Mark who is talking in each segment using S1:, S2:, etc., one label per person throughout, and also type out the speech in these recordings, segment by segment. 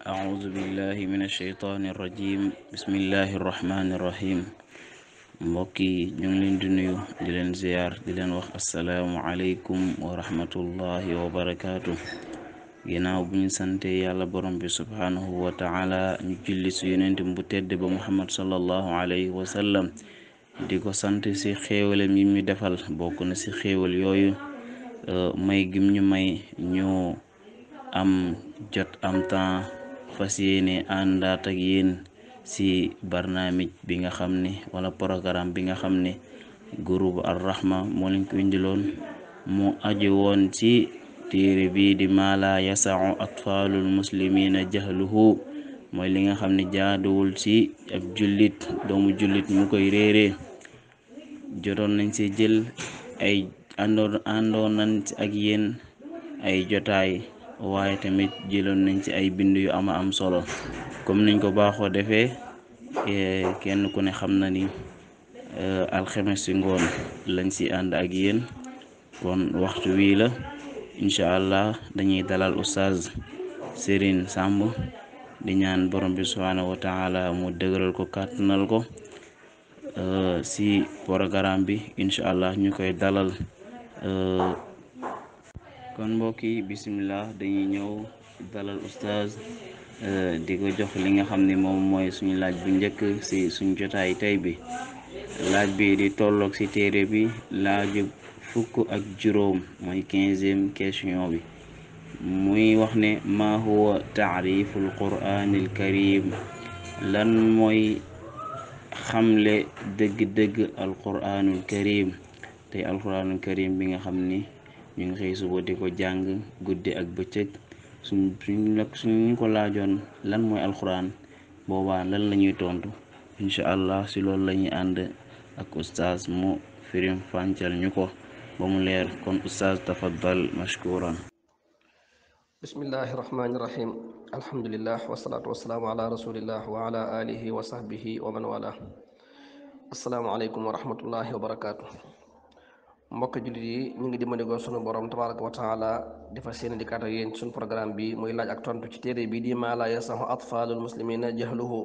S1: أعوذ بالله من الشيطان الرجيم بسم الله yi ñu ngi leen di nuyu di leen ziyaar di leen wax asalaamu aleykum wa rahmatullahi ginnaaw bu ñu sante yàlla borom bi subhaanahu wa ñu julli su yonent bu tedd ba muhammad sallallahu alayhi wa sallam di ko sant ci xéewalam yi defal bokk na ci xéewal yooyu euh, may gim ñu may ñu am jot am temps fasiyene ini anda ak si barnaamij binga nga wala programme bi nga xam guru groupe ar rahma mo leen ko indiloon mu aju woon ci téere di mala yasau atfalul muslimina jahluhu mooy li nga xam ne jaaduwul ci ab jullit doomu julit mu koy réere jotoon nañ see jël ay andor ak ay waaye tamit jëloon nañ ci ay bind yu ama am solo comme niñ ko baaxoo defee kenn ku ne xam na ni euh, alxemes ci ngoon lañ si ànd ak yéen kon waxtu wii la incha allah dañuy dalal oustaz Serigne Samb di ñaan borom bi subhanahu wa taala mu dëgëral ko kàttanal ko si euh, programme bi incha allah ñu koy dalal. Euh, kon mbokk yi bisimilah dañuy ñëw dalal oustaz euh, di ko jox li nga xam ni moom mooy suñu laaj bu njëkk si suñu jotaay tey bi laaj bi di tolloog ci téere bi laaju fukk ak juróom mooy quinzième question bi muy wax ne ma huwa taariful quraanil karim lan mooy xamle dëgg-dëgg alquraanul karim tey alquraanul karim bi nga xam ni ñu ngi xëy suba ko jàng guddi ak bëccëg suñ suñ ko laajoon lan mooy alxuraan boobaa lan la ñuy tontu incha allah si loolu lañuy ànd ak ustaas mu firim fàncal ñu ko ba mu leer kon ustaas tafaddal mashkuran
S2: bismillahi rahmaani rahim alhamdulillah wasalaatu wasalaamu ala rasulillah wa mbokk jullit yi ñu ngi ko sunu borom tabaraka wa taala dafa seen di kaata yéen suñu programme bi muy laaj ak tontu ci téere bi di maa laa yasahu atfaalul muslimina jahluhu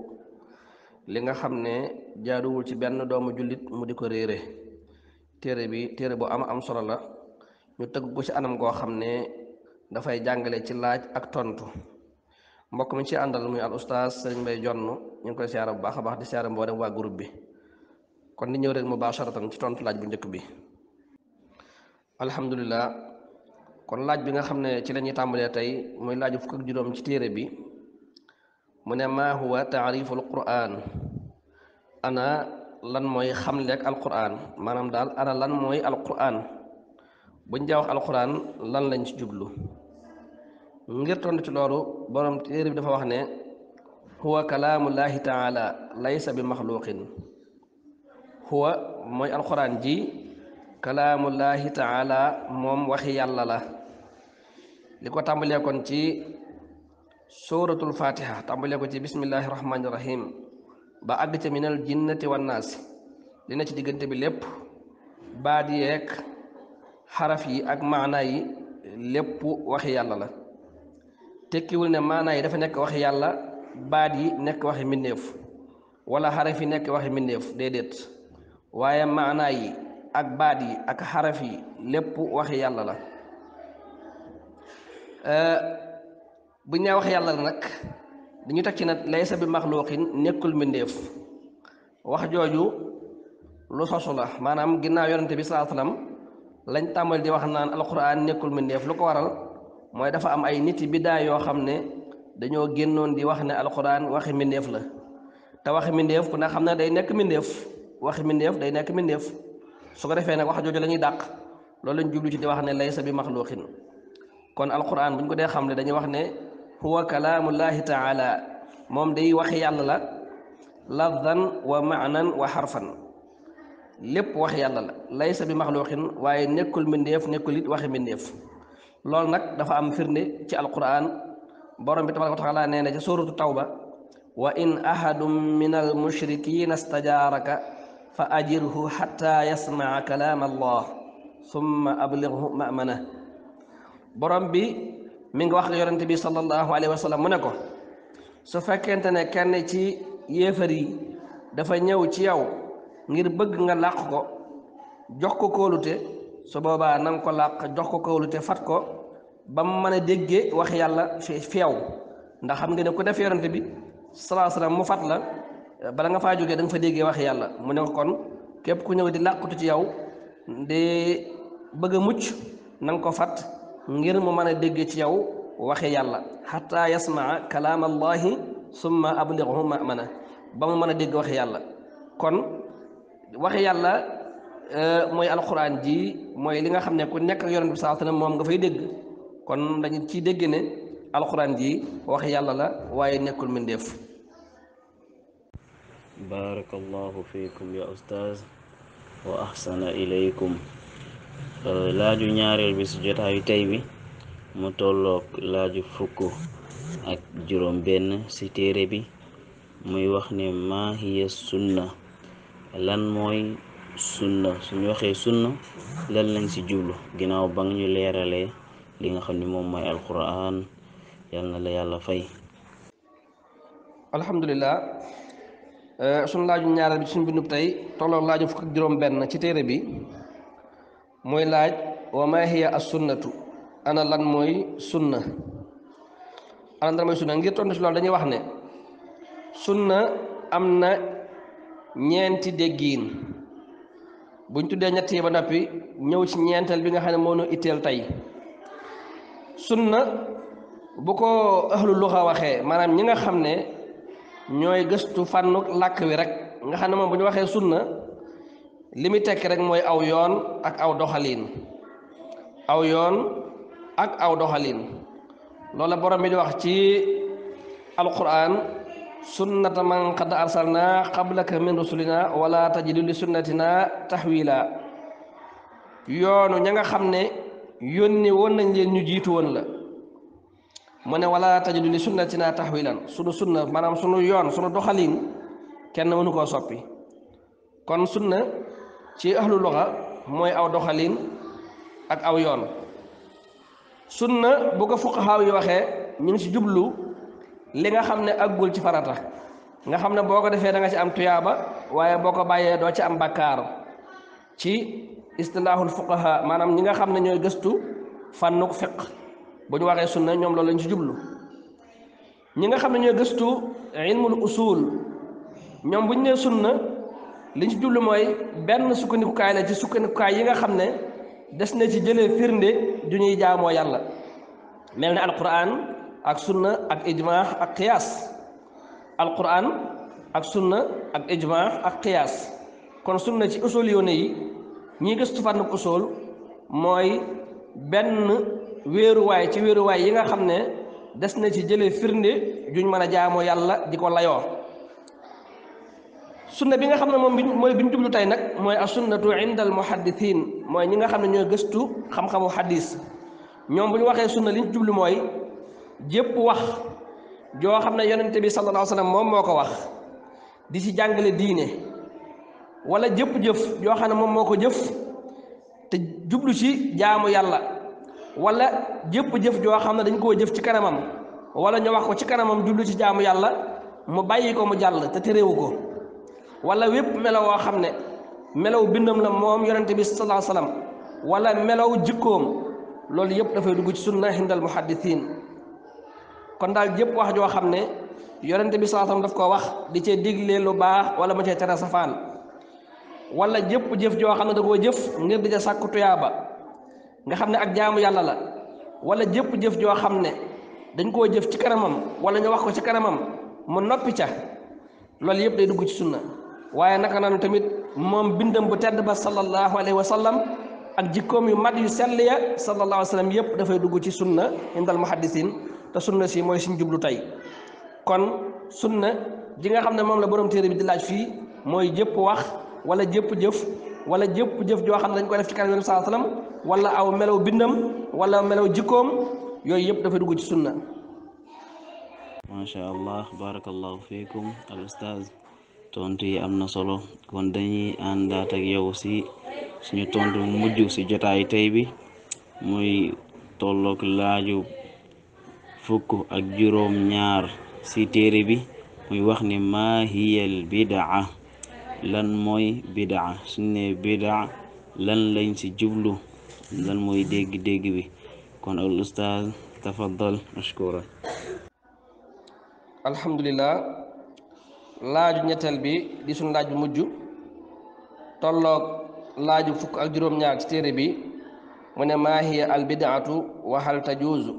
S2: li nga xam ne jaaduwul ci benn doomu jullit mu di ko réere téere bi téere bu am am solo la ñu tëgg ko ci anam goo xam ne dafay jàngale ci laaj ak tontu mbokk mi ci àndal muy al ustaas Sëriñ Mbay Jonn ñu ngi koy siyaara bu baax a baax di siyaara mboolem waa groupe bi kon ni ñëw rek mubaasharatan ci tontu laaj bu njëkk bi Alhamdulillah, kon laaj bi nga xamne ne ci la tambalé tay moy laaj fuk ak juroom ci téré bi mune ma huwa quran ana lan moy xamle ak alquran manam dal, ana lan moy alquran buñ ja wax alquran lan lañ ci jublu ngir tontu ci lolu borom téré bi dafa wax ne huwa kalamullahi taala laysa bi makhluqin huwa moy alquran ji kalaamullahi taala moom waxi yàlla la li ko tàmbalee kon ci suratul fatiha tàmbalee ko ci bismillahi rahmaani rahim ba àgg ca minal jinnati wannaasi li na ci diggante bi lépp baat yeeg xaraf yi ak maanaa yi lépp waxi yàlla la tekkiwul ne maanaa yi dafa nekk waxi yàlla baat yi nekk waxi mbindeef wala xaraf yi nekk waxi mbindeef déedéet waaye maanaa yi ak baat yi ak xaraf yi lépp waxi yàlla la euh, bu ñu wax yàlla la nag dañu teg ci nag laysa bi maxluuqin nekkul mbindeef wax jooju lu sosu la maanaam ginnaaw yonente bi salaa lañ tàmbali di wax naan alquran nekkul mbindeef lu ko waral mooy dafa am ay nit yi bidaa yoo xam ne dañoo génnoon di wax ne alquran waxi mbindeef la te waxi mbindeef ku ne xam ne day nekk mbindeef waxi mbindeef day nekk mbindeef su ko defee nag wax jooju la ñuy dàq loolu lañ jublu ci di wax ne laysa bi maxluqin kon alquran bu ñu ko dee xam ne dañuy wax ne huwa kalaamullahi taala moom day waxi yàlla la lafdan wa maanan wa xarfan lépp wax yàlla la laysa bi maxluqin waaye nekkul mbindeef nekkul it waxi mbindeef loolu nag dafa am firnde ci alquran borom bi tabaraka wa taala nee na ci suuratu tawba wa in ahadum min almushrikina stajaaraka fa ajirhu xatta yasmaa kalaam allah summa ablighu mamana borom bi mi ngi wax yonent bi sallallahu alayhi wa mu ne ko su fekkente ne kenn ci yéefar yi dafa ñëw ci yow ngir bëgg nga làq ko jox ko kóolute su boobaa na ko làq jox ko kóolute fat ko ba mu mën a déggee wax yàlla fi yow ndax xam nga ne ku def yonent bi salaa salaam mu fat la bala nga faa jógee da fa déggee wax yàlla mu ne ko kon képp ku ñëw di làqutu ci yow di bëgg a mucc nanga ko fat ngir mu mën a déggee ci yow waxe yàlla xataa yasmaa kalaam allahi summa ablighhu ma'mana ba mu mën a dégg waxe yàlla kon waxe yàlla euh, mooy alquran ji mooy li nga xam ne ku nekk ak yonent bi sallallahu moom nga fay dégg kon dañu ci dégg ne alquran ji waxe yàlla la waaye nekkul mbindeef
S1: barakallahu fiikum ya ustaz wa ahsana ilaykum euh, laaju ñaareel bi si jotaayu tey bi mu tolloog laaju fukk ak juróom benn si téere bi muy wax ne maa hiya sunna lan mooy sunna suñu waxee sunna lan lañ ci jublu ginnaaw ba nga ñu leeralee li nga xam ni moom mooy alquran yal na la yàlla fay
S2: alhamdulillah Euh, suñu laaju ñaareel bi suñu bindub tey tolloog laaju fukk ak juróom benn ci téere bi mooy laaj wa ma hiya as sunnatu ana lan mooy sunna ana lan mooy sunna ngir tontu si dañuy wax ne sunna am na ñeenti déggiin buñ tuddee ñett ba noppi ñëw ci ñeenteel bi nga xam ne moo nu itteel tey sunna bu ko ahlu luxa waxee maanaam ñi nga xam ne ñooy gëstu fànnu làkk wi rek nga xam ne moom bu ñu waxee sunna li muy tekki rek mooy aw yoon ak aw doxaliin aw yoon ak aw doxaliin loola borom bi di wax ci alquran sunnata man qad arsalna qablaka min rusulina wala tajidu li sunnatina tahwila yoonu ña nga xam ne yónni woon nañ leen ñu jiitu woon la mu ne wala tajidu li wi lan sunu sunna maanaam sunu yoon sunu doxaliin kenn mënu koo soppi kon sunna ci ahlu luga mooy aw doxaliin ak aw yoon sunna bu ko fuqahaa yi waxee ñu ngi ci jublu li nga xam ne aggul ci farata nga xam ne boo ko defee da nga ci am tuyaaba waaye boo ko bàyyee doo ci am bakkaar ci istilaahul fuqahaa maanaam ñi nga xam ne ñooy gëstu fànnuk fiq bu ñu waxee sunna ñoom loolu lañ ci jublu ñi nga xam ne ñooy gëstu ilmul usul ñoom bu ñu nee sunna liñ ci jublu mooy benn sukkandikukaay la ci sukkandikukaay yi nga xam ne des na ci jëlee firnde ju ñuy jaamoo yàlla mel ne alquran ak sunna ak ijmaa ak qiyaas alquran ak sunna ak ijmaa ak qiyaas kon sunna ci usul yoone yi ñiy gëstu fànn usul mooy benn wéeruwaay ci wéeruwaay yi nga xam ne des na ci jële firnde yuñ mën a jaamoo yàlla di ko layoo sunna bi nga xam ne moom mooy bi ñu jublu tey nag mooy as sunnatu inda al muhaddithin mooy ñi nga xam ne ñooy gëstu xam-xamu xadis ñoom bu ñu waxee sunna li ñu jublu mooy jépp wax joo xam ne yonente bi sallallahu alayhi wa moom moo ko wax di ci jàngale diine wala jëpp jëf joo xam ne moom moo ko jëf te jublu ci jaamu yàlla wala jëpp jëf joo xam ne dañ koo jëf ci kanamam wala ñu wax ko ci kanamam jullu ci jaamu yàlla mu bàyyi ko mu jàll te terewu ko wala wépp melaw woo xam ne melow bindam la moom yonente bi sallallahu alayhi wasallam wala melaw jikkoom loolu yëpp dafay dugg ci sunna hindal muhaddithin kon daal jëpp wax joo xam ne yonente bi sallallahu alayhi daf ko wax di cee digle lu baax wala mu cee tere safaan wala jëpp jëf joo xam ne da jëf ngir di ca sàkku tuyaaba nga xam ne ak jaamu yàlla la wala jëpp jëf joo xam ne dañ koo jëf ci kanamam wala ñu wax ko ci kanamam mu noppi ca loolu yëpp day dugg ci sunna waaye naka noonu tamit moom bindam bu tedd ba sallallahu alayhi wa sallam ak jikkoom yu mat yu sell ya sallallahu alayhi wa yëpp dafay dugg ci sunna indal muhaddisin te sunna si mooy suñ jublu tey kon sunna ji nga xam ne moom la borom téere bi di laaj fii mooy jëpp wax wala jëpp jëf wala jëpp jëf joo xam ne dañ ko def ci kanam wala aw melaw bindam wala melaw jikkoom yooyu yëpp dafa dugg ci sunna
S1: macha allah barakallahu fiikum tontu yi am na solo kon dañuy àndaat ak yow si suñu tontu mujj si jotaay tey bi muy tollook laaju fukk ak juróom ñaar si téere bi muy wax ni maa hiyal bidaa lan mooy bidaa suñ ne bidaa lan lañ ci jublu lan mooy dégg-dégg bi kon al ustaaz tafaddal mashkura
S2: alhamdulillah laaju ñetteel bi di suñ laaj bu mujj tolloog laaju fukk ak juróom-ñaar ci téere bi mu ne maa al bidaatu wa hal tajuuzu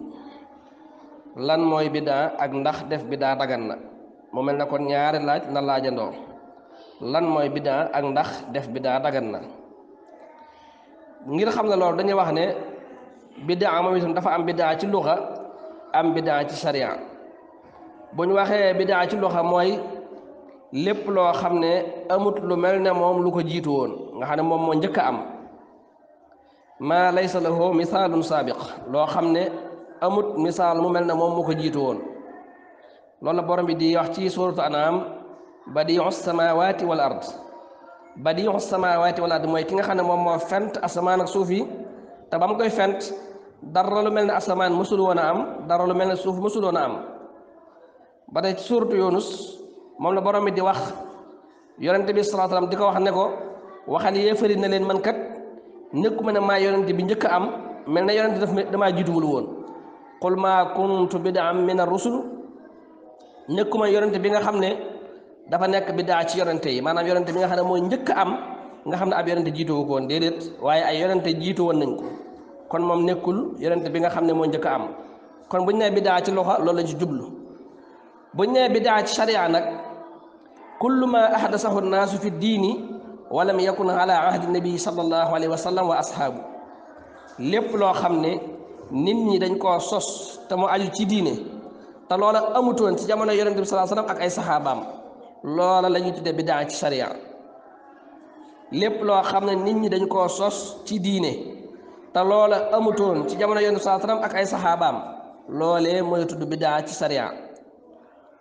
S2: lan mooy bidaa ak ndax def bidaa dagan na mu mel na kon ñaari laaj na laajandoo lan mooy biddaa ak ndax def bidaa dagan na ngir xam ne loolu dañuy wax ne bidaa moom dafa am bidaa ci luxa am bidaa ci sariya bu ñu waxee bidaa ci luxa mooy lépp loo xam ne amut lu mel ne moom lu ko jiitu woon nga xam ne moom moo njëkk a am maa laysa lahu misaalun saabiq loo xam ne amut misaal mu mel ne moom mu ko jiitu woon loolu borom bi di wax ci suuratu anaam badiu samawati wal ard badiu samawati wal ard mooy ki nga xam ne moom moo fent asamaan ak suuf yi te ba mu koy fent dara lu mel ne asamaan mësul woon a am dara lu mel ne suuf mësul woon a am ba tey suuratu yunus moom la borom bi di wax yonente bi salaa salaam di ko wax ne ko waxal yéefari na leen man kat nekkuma ne maa yonente bi njëkk a am mel na yonente daf damaa jiituwul woon qul maa kuntu bid'an min ar-rusul nekkuma yonente bi nga xam ne dafa nekk biddaa ci yonente yi maanaam yonente bi nga xam ne mooy njëkk am nga xam ne ab yonente jiitu ko woon waaye ay yonente jiitu woon nañ ko kon moom nekkul yonente bi nga xam ne mooy njëkk am kon bu ñu nee biddaa ci loxo loolu lañ ci jublu bu ñu nee biddaa ci sharia nag kullu ma ahdasahu naasu fi diini walam yakun ala ahdi nabi sallallahu alayhi wa sallam wa ashaabu lépp loo xam ne nit ñi dañ koo sos te mu aju ci diine te loola amutoon ci jamono yonente bi sallallahu alayhi ak ay saxaabaam loola la ñuy tudde bidaa ci sariya lépp loo xam ne nit ñi dañ koo sos ci diine te loola amutoon ci jamono yoonu saa salaam ak ay saxaabaam loole mooy tudd bidaa ci sariya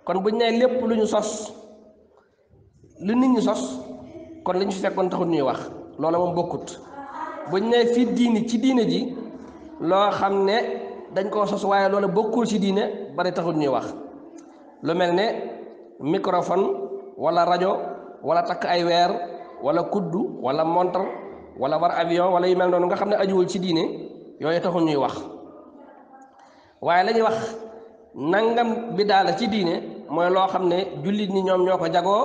S2: kon buñ nee lépp lu ñu sos lu nit ñi sos kon lañu fi fekkoon taxul ñuy wax loola moom bokkut buñ ne fii diini ci diine ji loo xam ne dañ koo sos waaye loola bokkul ci diine bari taxul ñuy wax lu mel ne microphone wala rajo wala tak ay wer wala kuddu wala montre wala war avion wala yemel non nga xamne ne ajuwul ci diine yoy taxu ñuy wax waye la wax nangam bi daala ci diine moy lo xamne jullit jagoo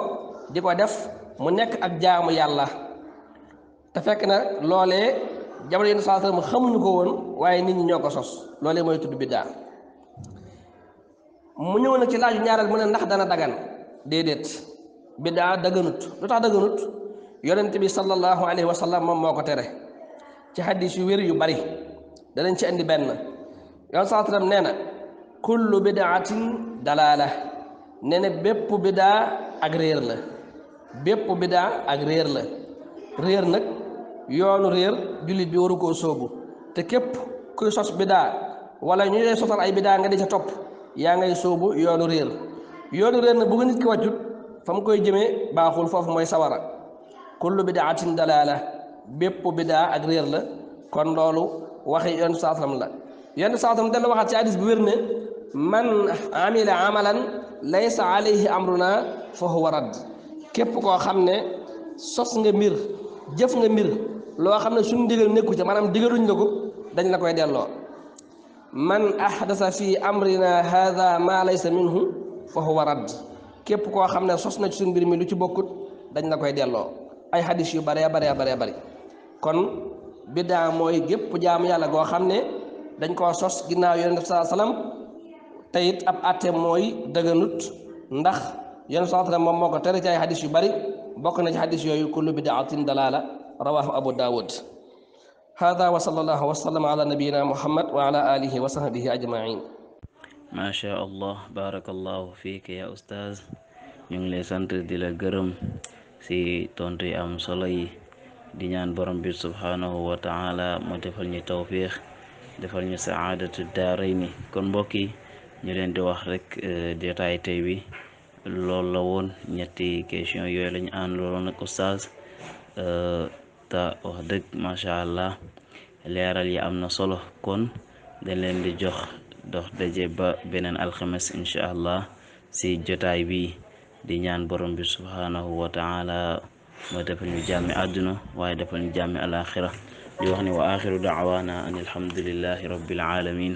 S2: def mu nekk ak jaamu yalla ta fekk na loolee jamono yenn saa xamuñu ko won waye nit ñi ñoko sos lolé moy tuddu bidda mu ñew na ci laaju ñaaral mu ne ndax dana dagan dedet biddaa daganut lu tax daganut yonent bi sallallahu alayhi wa sallam moom moo ko tere ci xaddis yu wér yu bari danañ ci indi benn yoon saa sallam nee na kullu bidaatin dalaala nee na bépp bidaa ak réer la bépp bidaa ak réer la réer nag yoonu réer jullit bi waru koo soobu te képp kuy sos bidaa wala ñu lay ay bidaa nga di ca topp yaa ngay soobu yoonu réer yoonu réer nag bu nit ki wàccut fa mu koy jëmee baaxul foofu mooy sawara kullu bidaatin dalaala bépp bidaa ak la kon loolu waxi yenn saasam la yenn saasam dana waxaat ci hadis bu wér ne man amila amalan laysa alayhi amruna koo xam ne sos nga mbir jëf nga mbir loo xam ne suñu ndigal nekku ci maanaam digaluñ la ko dañ la koy delloo man ahdasa fi amrina hadha ma laysa minhu fa huwa radd képp koo xam ne sos na ci suñ mbir mi lu ci bokkut dañ la koy delloo ay xadis yu baree baree baree bari kon biddaa mooy gépp jaam yàlla goo xam ne dañ koo sos ginnaaw yonent bi saa salaam te it ab àtte mooy dëgënut ndax yonent bi saa salaam moom moo ko tere ay xadis yu bari bokk na ci yooyu yooyu kullu bidaatin dalaala rawahu abu daawud hada wa sallallahu wa sallam a nabiyina muhammad wa ala alihi wa sahbihi ajmain
S1: macha allah barakallahu fiik ya oustaz ñu ngi lay sant di la gërëm si tontu yi am solo yi di ñaan borom bi subhaanahu wa taala mu defal ñu tawfiix defal ñu saadatu daarayni kon mbokk yi ñu leen di wax rek euh, détail tey bi loolu la woon ñetti question yooyu lañu ànd looloon ak oustaz euh, ta wax dëgg macha allah leeral yi am na solo kon dañ leen di jox dox daje ba beneen alxames insha allah si jotaay bi di ñaan borom bi subhanahu wa taala ma defal ñu jami aduna waye defal ñu jàmmi alaxira di wax ni wa akhiru da'wana anil hamdulillahi rabbil alamin